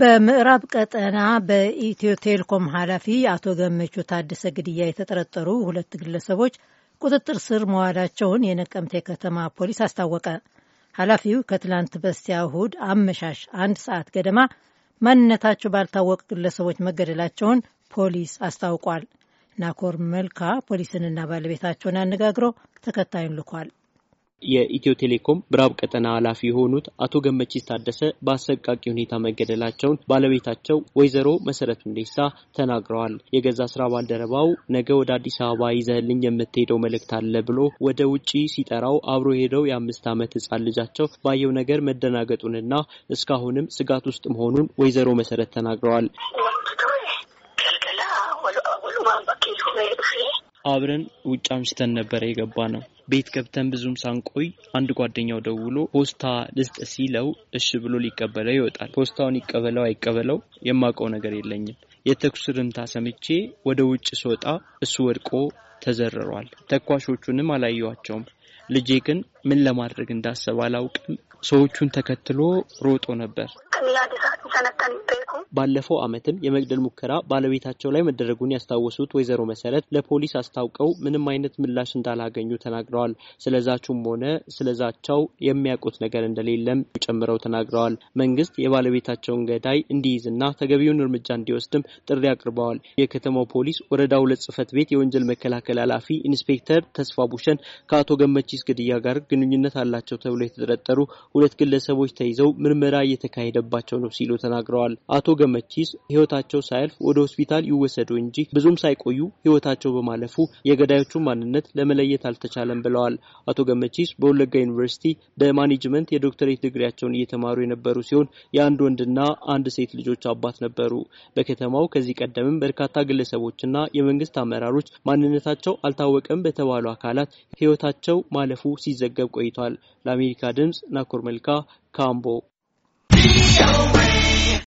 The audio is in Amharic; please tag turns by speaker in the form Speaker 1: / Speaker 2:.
Speaker 1: በምዕራብ ቀጠና በኢትዮ ቴሌኮም ኃላፊ አቶ ገመቹ ታደሰ ግድያ የተጠረጠሩ ሁለት ግለሰቦች ቁጥጥር ስር መዋላቸውን የነቀምቴ ከተማ ፖሊስ አስታወቀ። ኃላፊው ከትላንት በስቲያ እሁድ አመሻሽ አንድ ሰዓት ገደማ ማንነታቸው ባልታወቁ ግለሰቦች መገደላቸውን ፖሊስ አስታውቋል። ናኮር መልካ ፖሊስንና ባለቤታቸውን አነጋግሮ ተከታዩን ልኳል።
Speaker 2: የኢትዮ ቴሌኮም ብራብ ቀጠና ኃላፊ የሆኑት አቶ ገመቺስ ታደሰ በአሰቃቂ ሁኔታ መገደላቸውን ባለቤታቸው ወይዘሮ መሰረት ሁንዴሳ ተናግረዋል። የገዛ ስራ ባልደረባው ነገ ወደ አዲስ አበባ ይዘህልኝ የምትሄደው መልእክት አለ ብሎ ወደ ውጪ ሲጠራው አብሮ ሄደው የአምስት ዓመት ህጻን ልጃቸው ባየው ነገር መደናገጡንና እስካሁንም ስጋት ውስጥ መሆኑን ወይዘሮ መሰረት ተናግረዋል። አብረን ውጭ አምሽተን ነበረ የገባ ነው። ቤት ገብተን ብዙም ሳንቆይ አንድ ጓደኛው ደውሎ ፖስታ ልስጥ ሲለው እሺ ብሎ ሊቀበለው ይወጣል። ፖስታውን ይቀበለው አይቀበለው የማውቀው ነገር የለኝም። የተኩስ ርምታ ሰምቼ ወደ ውጭ ስወጣ እሱ ወድቆ ተዘርሯል። ተኳሾቹንም አላየዋቸውም። ልጄ ግን ምን ለማድረግ እንዳሰብ አላውቅም ሰዎቹን ተከትሎ ሮጦ ነበር። ባለፈው ዓመትም የመግደል ሙከራ ባለቤታቸው ላይ መደረጉን ያስታወሱት ወይዘሮ መሰረት ለፖሊስ አስታውቀው ምንም አይነት ምላሽ እንዳላገኙ ተናግረዋል። ስለዛቹም ሆነ ስለዛቸው የሚያውቁት ነገር እንደሌለም ጨምረው ተናግረዋል። መንግስት የባለቤታቸውን ገዳይ እንዲይዝና ተገቢውን እርምጃ እንዲወስድም ጥሪ አቅርበዋል። የከተማው ፖሊስ ወረዳ ሁለት ጽህፈት ቤት የወንጀል መከላከል ኃላፊ ኢንስፔክተር ተስፋ ቡሸን ከአቶ ገመቺስ ግድያ ጋር ግንኙነት አላቸው ተብሎ የተጠረጠሩ ሁለት ግለሰቦች ተይዘው ምርመራ እየተካሄደባቸው ነው ሲሉ ተናግረዋል። አቶ ገመቺስ ህይወታቸው ሳያልፍ ወደ ሆስፒታል ይወሰዱ እንጂ ብዙም ሳይቆዩ ህይወታቸው በማለፉ የገዳዮቹ ማንነት ለመለየት አልተቻለም ብለዋል። አቶ ገመቺስ በወለጋ ዩኒቨርሲቲ በማኔጅመንት የዶክተሬት ዲግሪያቸውን እየተማሩ የነበሩ ሲሆን የአንድ ወንድና አንድ ሴት ልጆች አባት ነበሩ። በከተማው ከዚህ ቀደምም በርካታ ግለሰቦችና የመንግስት አመራሮች ማንነታቸው አልታወቀም በተባሉ አካላት ህይወታቸው ማለፉ ሲዘገብ ቆይቷል። ለአሜሪካ ድምጽ ናኮር መልካ ካምቦ